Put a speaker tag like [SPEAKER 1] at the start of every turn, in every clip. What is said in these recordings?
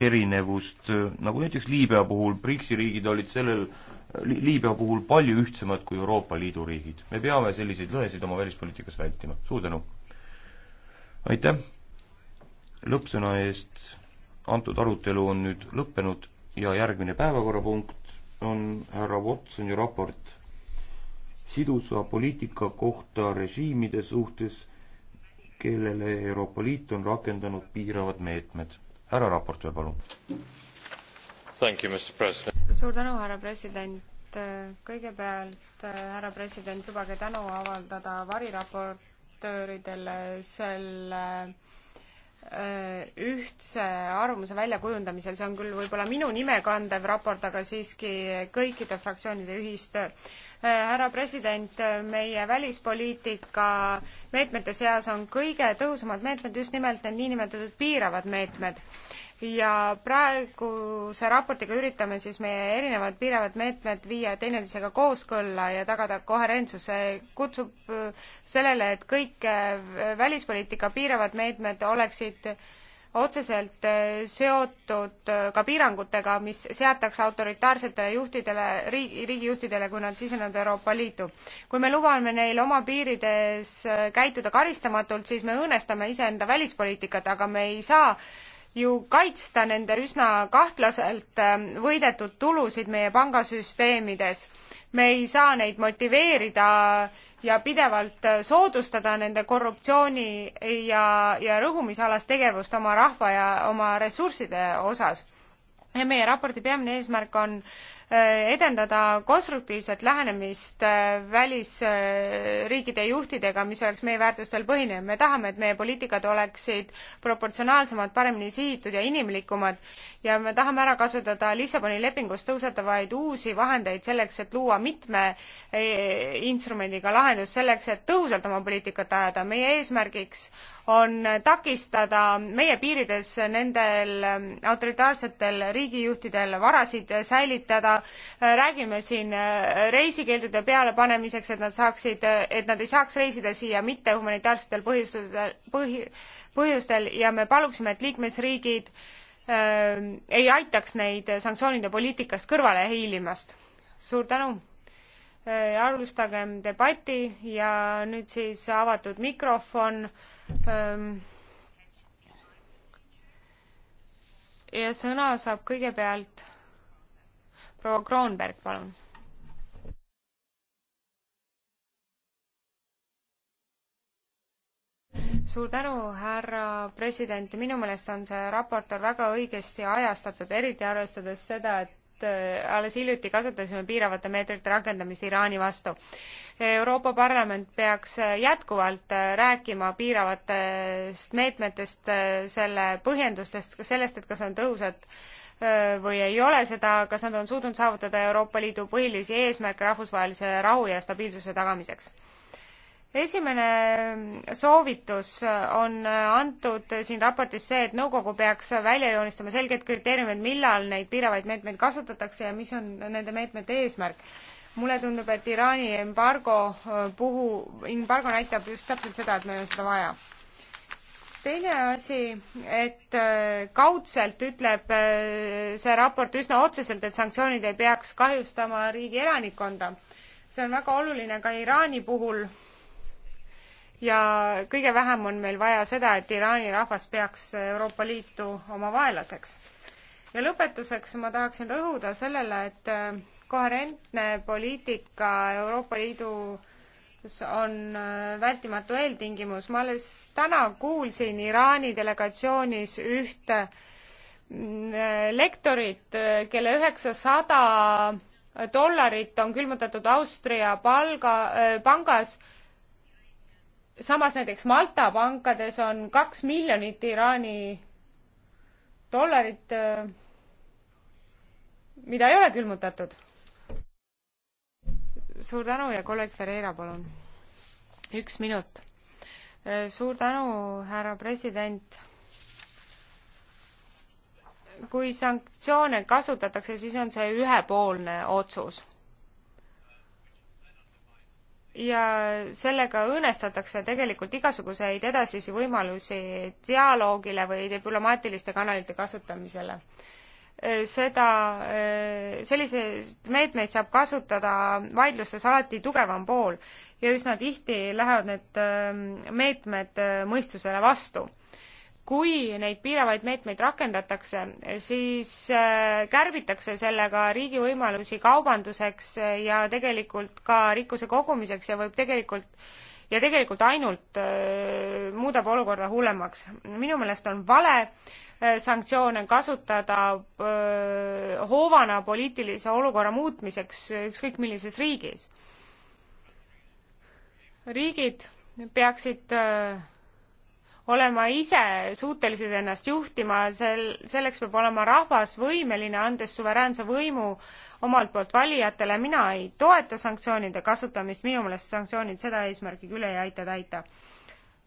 [SPEAKER 1] erinevust, nagu näiteks Liibüa puhul, BRICS-i riigid olid sellel li, Liibüa puhul palju ühtsemad kui Euroopa Liidu riigid. me peame selliseid lõhesid oma välispoliitikas vältima. suur tänu! aitäh lõppsõna eest, antud arutelu on nüüd lõppenud ja järgmine päevakorrapunkt on härra Watsoni raport sidusa poliitika kohta režiimide suhtes, kellele Euroopa Liit on rakendanud piiravad meetmed härra raportöör, palun. suur tänu, härra president. kõigepealt, härra president, lubage tänu avaldada variraportööridele selle äh, ühtse arvamuse väljakujundamisel, see on küll võib-olla minu nime kandev raport, aga siiski kõikide fraktsioonide ühistöö härra president, meie välispoliitika meetmete seas on kõige tõhusamad meetmed just nimelt need niinimetatud piiravad meetmed. ja praeguse raportiga üritame siis meie erinevad piiravad meetmed viia teineteisega kooskõlla ja tagada koherentsus. see kutsub äh, sellele, et kõik äh, välispoliitika piiravad meetmed oleksid otseselt äh, seotud äh, ka piirangutega, mis seatakse autoritaarsetele juhtidele, riigi, riigijuhtidele, kui nad sisenevad Euroopa Liitu. kui me lubame neil oma piirides äh, käituda karistamatult, siis me õõnestame iseenda välispoliitikat, aga me ei saa ju kaitsta nende üsna kahtlaselt ähm, võidetud tulusid meie pangasüsteemides. me ei saa neid motiveerida ja pidevalt äh, soodustada nende korruptsiooni ja, ja rõhumisalast tegevust oma rahva ja oma ressursside osas ja meie raporti peamine eesmärk on Äh, edendada konstruktiivset lähenemist äh, välisriikide juhtidega, mis oleks meie väärtustel põhinev. me tahame, et meie poliitikad oleksid proportsionaalsemad, paremini sihitud ja inimlikumad ja me tahame ära kasutada Lissaboni lepingust tõusetavaid uusi vahendeid selleks, et luua mitme äh, instrumendiga lahendus selleks, et tõhusalt oma poliitikat ajada. meie eesmärgiks on takistada meie piirides nendel ähm, autoritaarsetel riigijuhtidel varasid säilitada, Äh, räägime siin äh, reisikeeldude pealepanemiseks, et nad saaksid, äh, et nad ei saaks reisida siia mitte humanitaarsetel põhjustel, põhi, põhjustel ja me paluksime, et liikmesriigid äh, ei aitaks neid sanktsioonide poliitikast kõrvale hiilimast. suur tänu äh,! alustagem debati ja nüüd siis avatud mikrofon ähm, ja sõna saab kõigepealt proua Kroonberg, palun. suur tänu, härra president, minu meelest on see raport on väga õigesti ajastatud, eriti arvestades seda, et äh, alles hiljuti kasutasime piiravate meetrite rakendamist Iraani vastu. Euroopa Parlament peaks äh, jätkuvalt äh, rääkima piiravatest meetmetest, selle põhjendustest, ka sellest, et kas on tõhusad Äh, või ei ole seda, kas nad on suutnud saavutada Euroopa Liidu põhilisi eesmärke rahvusvahelise rahu ja stabiilsuse tagamiseks? esimene mm, soovitus äh, on äh, antud siin raportis see, et nõukogu peaks välja joonistama selged kriteeriumid, millal neid piiravaid meetmeid kasutatakse ja mis on nende meetmete eesmärk mulle tundub, et Iraani embargo puhu, embargo näitab just täpselt seda, et meil on seda vaja teine asi, et äh, kaudselt ütleb äh, see raport üsna otseselt, et sanktsioonid ei peaks kahjustama riigi elanikkonda. see on väga oluline ka Iraani puhul. ja kõige vähem on meil vaja seda, et Iraani rahvas peaks Euroopa Liitu oma vaenlaseks. ja lõpetuseks ma tahaksin rõhuda sellele, et äh, koherentne poliitika Euroopa Liidu on äh, vältimatu eeltingimus. ma alles täna kuulsin Iraani delegatsioonis ühte mm, äh, lektorit, äh, kelle üheksasada dollarit on külmutatud Austria palga, pangas. samas näiteks Malta pankades on kaks miljonit Iraani dollarit, mida ei ole külmutatud suur tänu ja kolleeg Ferreira, palun. üks minut. Äh, suur tänu, härra president. kui sanktsioone kasutatakse, siis on see ühepoolne otsus. ja sellega õõnestatakse tegelikult igasuguseid edasisi võimalusi dialoogile või diplomaatiliste kanalite kasutamisele Äh, seda, äh, selliseid meetmeid saab kasutada vaidlustes alati tugevam pool ja üsna tihti lähevad need äh, meetmed mõistusele vastu. kui neid piiravaid meetmeid rakendatakse, siis kärbitakse sellega riigi võimalusi kaubanduseks ja tegelikult ka rikkuse kogumiseks ja võib tegelikult ja tegelikult ainult äh, muudab olukorda hullemaks. minu meelest on vale äh, sanktsioone kasutada äh, hoovana poliitilise olukorra muutmiseks äh, ükskõik millises riigis. riigid peaksid äh, olema ise suutelised ennast juhtima, sel, selleks peab olema rahvas võimeline, andes suveräänse võimu omalt poolt valijatele, mina ei toeta sanktsioonide kasutamist, minu meelest sanktsioonid seda eesmärki küll ei aita täita.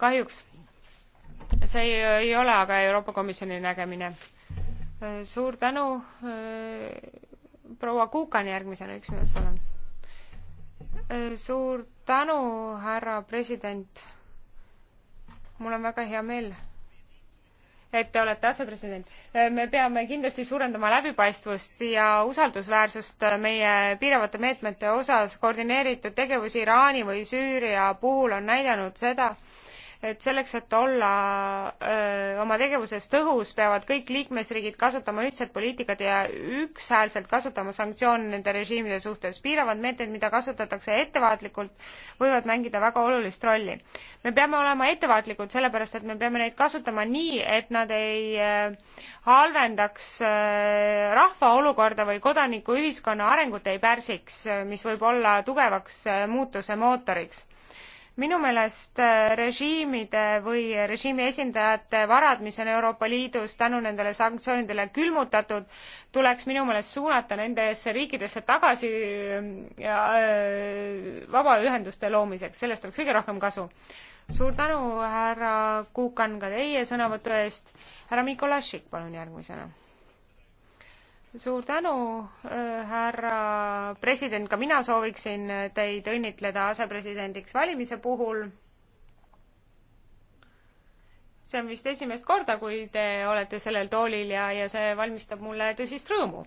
[SPEAKER 1] kahjuks see ei, ei ole aga Euroopa Komisjoni nägemine. suur tänu, proua Kuukan järgmisena, üks minut palun. suur tänu, härra president mul on väga hea meel, et te olete asepresident. me peame kindlasti suurendama läbipaistvust ja usaldusväärsust meie piiravate meetmete osas. koordineeritud tegevus Iraani või Süüria puhul on näidanud seda, et selleks, et olla öö, oma tegevuses tõhus, peavad kõik liikmesriigid kasutama ühtset poliitikat ja ükshäälselt kasutama sanktsioone nende režiimide suhtes. piiravad meetmed, mida kasutatakse ettevaatlikult, võivad mängida väga olulist rolli. me peame olema ettevaatlikud, sellepärast et me peame neid kasutama nii, et nad ei halvendaks rahva olukorda või kodanikuühiskonna arengut ei pärsiks, mis võib olla tugevaks muutuse mootoriks minu meelest äh, režiimide või režiimi esindajate varad, mis on Euroopa Liidus tänu nendele sanktsioonidele külmutatud, tuleks minu meelest suunata nendesse riikidesse tagasi ähm, ja äh, vabaühenduste loomiseks, sellest oleks kõige rohkem kasu. suur tänu, härra Kukan, ka teie sõnavõtu eest. härra Mikolašik, palun järgmisena suur tänu, äh, härra president, ka mina sooviksin teid õnnitleda asepresidendiks valimise puhul. see on vist esimest korda, kui te olete sellel toolil ja, ja see valmistab mulle tõsist rõõmu.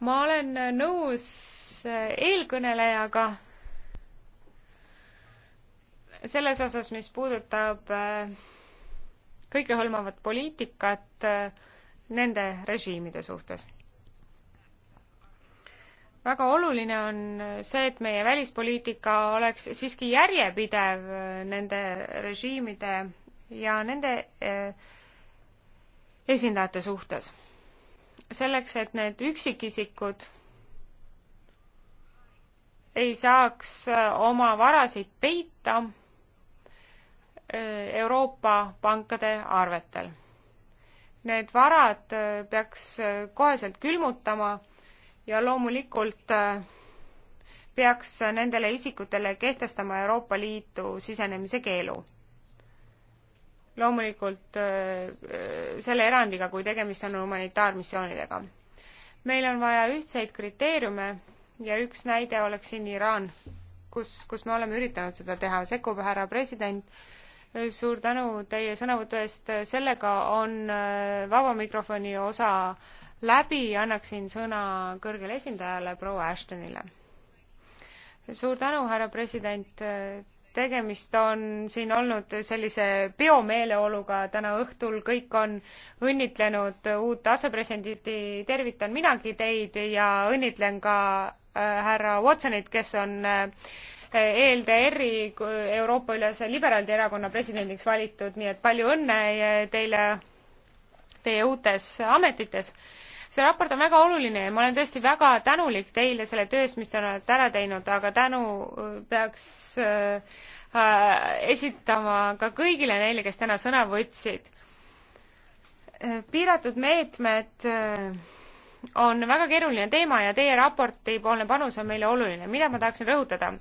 [SPEAKER 1] ma olen nõus eelkõnelejaga selles osas, mis puudutab äh, kõikehõlmavat poliitikat äh, nende režiimide suhtes väga oluline on see, et meie välispoliitika oleks siiski järjepidev nende režiimide ja nende eh, esindajate suhtes. selleks, et need üksikisikud ei saaks eh, oma varasid peita eh, Euroopa pankade arvetel. Need varad peaks koheselt külmutama ja loomulikult äh, peaks nendele isikutele kehtestama Euroopa Liitu sisenemise keelu. loomulikult äh, äh, selle erandiga, kui tegemist on humanitaarmissioonidega. meil on vaja ühtseid kriteeriume ja üks näide oleks siin Iraan, kus, kus me oleme üritanud seda teha, sekkub härra president suur tänu teie sõnavõtu eest, sellega on vaba mikrofoni osa läbi, annaksin sõna kõrgele esindajale proua Ashtonile. suur tänu, härra president, tegemist on siin olnud sellise peomeeleoluga täna õhtul, kõik on õnnitlenud uut asepresidenti, tervitan minagi teid ja õnnitlen ka äh, härra Watsonit, kes on äh, ELDR-i Euroopa ülese liberaalide erakonna presidendiks valitud, nii et palju õnne teile teie uutes ametites see raport on väga oluline ja ma olen tõesti väga tänulik teile selle töö eest, mis te olete ära teinud, aga tänu äh, peaks äh, äh, esitama ka kõigile neile, kes täna sõna võtsid. Äh, piiratud meetmed äh, on väga keeruline teema ja teie raportipoolne panus on meile oluline. mida ma tahaksin rõhutada?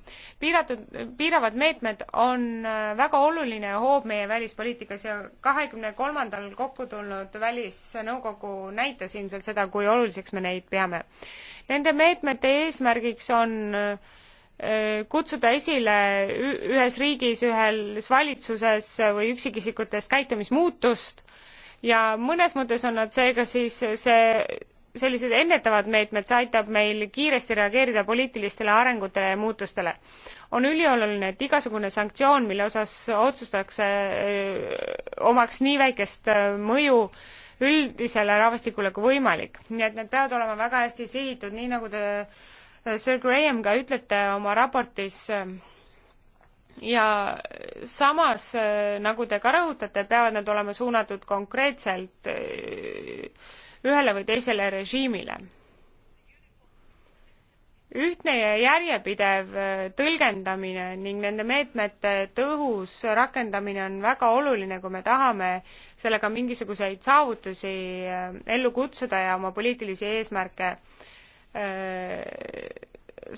[SPEAKER 1] piiratud, piiravad meetmed on äh, väga oluline hoob meie välispoliitikas ja kahekümne kolmandal kokku tulnud Välisnõukogu näitas ilmselt seda, kui oluliseks me neid peame. Nende meetmete eesmärgiks on äh, kutsuda esile ühes riigis, ühes valitsuses või üksikisikutest käitumismuutust ja mõnes mõttes on nad seega siis see sellised ennetavad meetmed, see aitab meil kiiresti reageerida poliitilistele arengutele ja muutustele. on ülioluline, et igasugune sanktsioon, mille osas otsustatakse, omaks nii väikest mõju üldisele rahvastikule kui võimalik. nii et need peavad olema väga hästi sihitud, nii nagu te, Sir Graham, ka ütlete oma raportis, ja samas, nagu te ka rõhutate, peavad nad olema suunatud konkreetselt ühele või teisele režiimile. ühtne ja järjepidev äh, tõlgendamine ning nende meetmete tõhus rakendamine on väga oluline, kui me tahame sellega mingisuguseid saavutusi äh, ellu kutsuda ja oma poliitilisi eesmärke äh,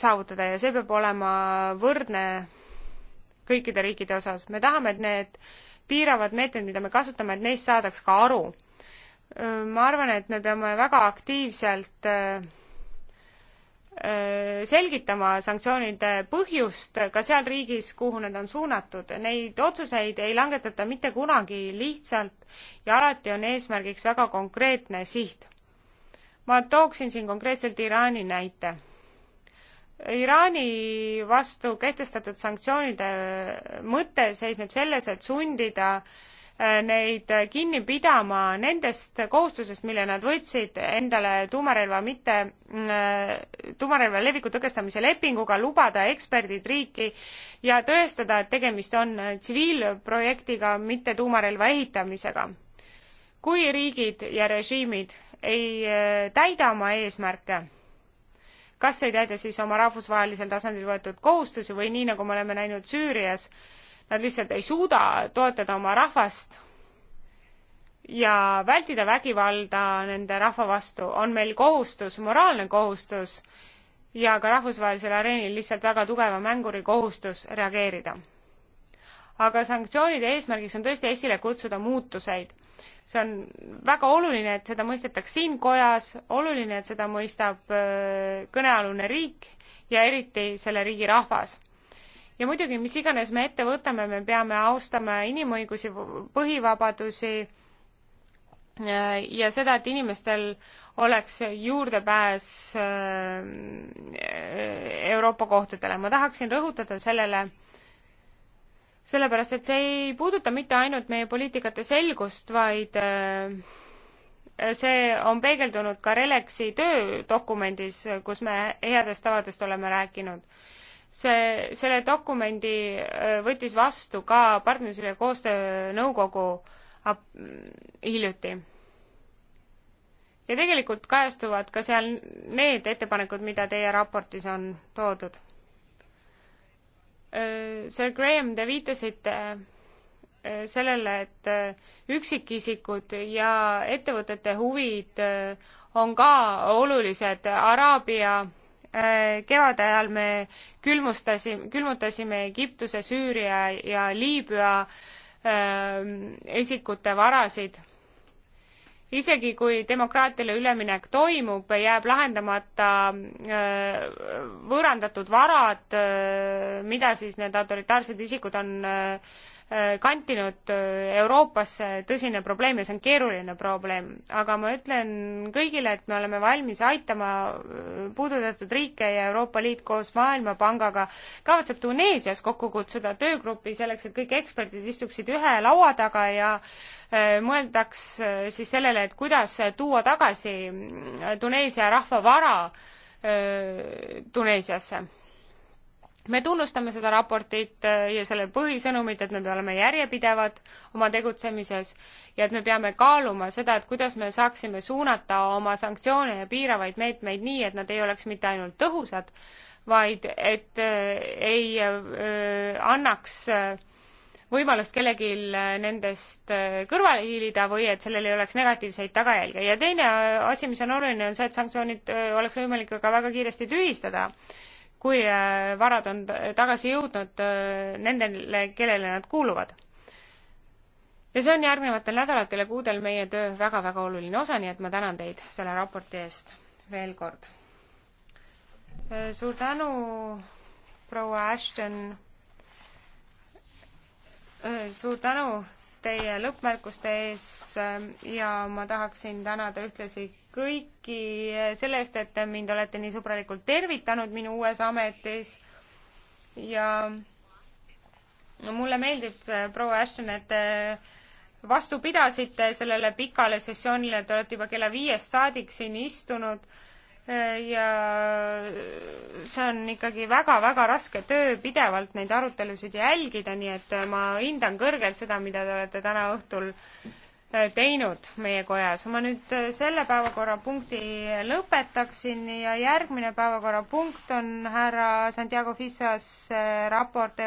[SPEAKER 1] saavutada ja see peab olema võrdne kõikide riikide osas. me tahame, et need piiravad meetmed, mida me kasutame, et neist saadaks ka aru ma arvan, et me peame väga aktiivselt äh, äh, selgitama sanktsioonide põhjust ka seal riigis, kuhu need on suunatud. Neid otsuseid ei langetata mitte kunagi lihtsalt ja alati on eesmärgiks väga konkreetne siht. ma tooksin siin konkreetselt Iraani näite. Iraani vastu kehtestatud sanktsioonide mõte seisneb selles, et sundida äh, Äh, neid kinni pidama nendest kohustusest, mille nad võtsid endale tuumarelva mitte, mm, äh, tuumarelva leviku tõkestamise lepinguga lubada eksperdid riiki ja tõestada, et tegemist on äh, tsiviilprojektiga, mitte tuumarelva ehitamisega. kui riigid ja režiimid ei täida oma eesmärke, kas ei täida siis oma rahvusvahelisel tasandil võetud kohustusi või nii, nagu me oleme näinud Süürias, nad lihtsalt ei suuda toetada oma rahvast ja vältida vägivalda nende rahva vastu, on meil kohustus, moraalne kohustus ja ka rahvusvahelisel areenil lihtsalt väga tugeva mänguri kohustus reageerida. aga sanktsioonide eesmärgiks on tõesti esile kutsuda muutuseid. see on väga oluline, et seda mõistetaks siin kojas, oluline, et seda mõistab äh, kõnealune riik ja eriti selle riigi rahvas ja muidugi, mis iganes me ette võtame, me peame austama inimõigusi, põhivabadusi ja seda, et inimestel oleks juurdepääs äh, Euroopa kohtadele. ma tahaksin rõhutada sellele, sellepärast et see ei puuduta mitte ainult meie poliitikate selgust, vaid äh, see on peegeldunud ka Relexi töödokumendis, kus me headest tavadest oleme rääkinud see, selle dokumendi äh, võttis vastu ka partnerluse ja koostöönõukogu äh, hiljuti. ja tegelikult kajastuvad ka seal need ettepanekud, mida teie raportis on toodud. Äh, Sir Graham, te viitasite sellele, et üksikisikud ja ettevõtete huvid on ka olulised Araabia Äh, kevade ajal me külmustasime, külmutasime Egiptuse, Süüria ja Liibüa ähm, isikute varasid. isegi kui demokraatiale üleminek toimub, jääb lahendamata äh, võõrandatud varad, äh, mida siis need autoritaarsed isikud on Äh, kantinud äh, Euroopasse tõsine probleem ja see on keeruline probleem, aga ma ütlen kõigile, et me oleme valmis aitama äh, puudutatud riike ja Euroopa Liit koos Maailmapangaga kavatseb Tuneesias kokku kutsuda töögrupi selleks, et kõik eksperdid istuksid ühe laua taga ja mõeldaks siis sellele, et kuidas tuua tagasi Tuneesia rahva vara Tuneesiasse me tunnustame seda raportit äh, ja selle põhisõnumit, et me oleme järjepidevad oma tegutsemises ja et me peame kaaluma seda, et kuidas me saaksime suunata oma sanktsioone ja piiravaid meetmeid nii, et nad ei oleks mitte ainult tõhusad, vaid et äh, ei äh, annaks võimalust kellelgi nendest kõrvale hiilida või et sellel ei oleks negatiivseid tagajälgi. ja teine asi, mis on oluline, on see, et sanktsioonid oleks võimalik ka väga kiiresti tühistada kui äh, varad on tagasi jõudnud äh, nendele, kellele nad kuuluvad. ja see on järgnevatel nädalatel ja kuudel meie töö väga-väga oluline osa, nii et ma tänan teid selle raporti eest veel kord. Äh, suur tänu, proua Ashton. suur tänu teie lõppmärkuste eest äh, ja ma tahaksin tänada ühtlasi kõiki äh, selle eest, et te mind olete nii sõbralikult tervitanud minu uues ametis ja no mulle meeldib, äh, proua Ashton, et te vastu pidasite sellele pikale sessioonile, te olete juba kella viiest saadik siin istunud ja see on ikkagi väga-väga raske töö pidevalt neid arutelusid jälgida, nii et ma hindan kõrgelt seda, mida te olete täna õhtul äh, teinud meie kojas. ma nüüd äh, selle päevakorrapunkti lõpetaksin ja järgmine päevakorrapunkt on härra Santiago Fissas äh, raport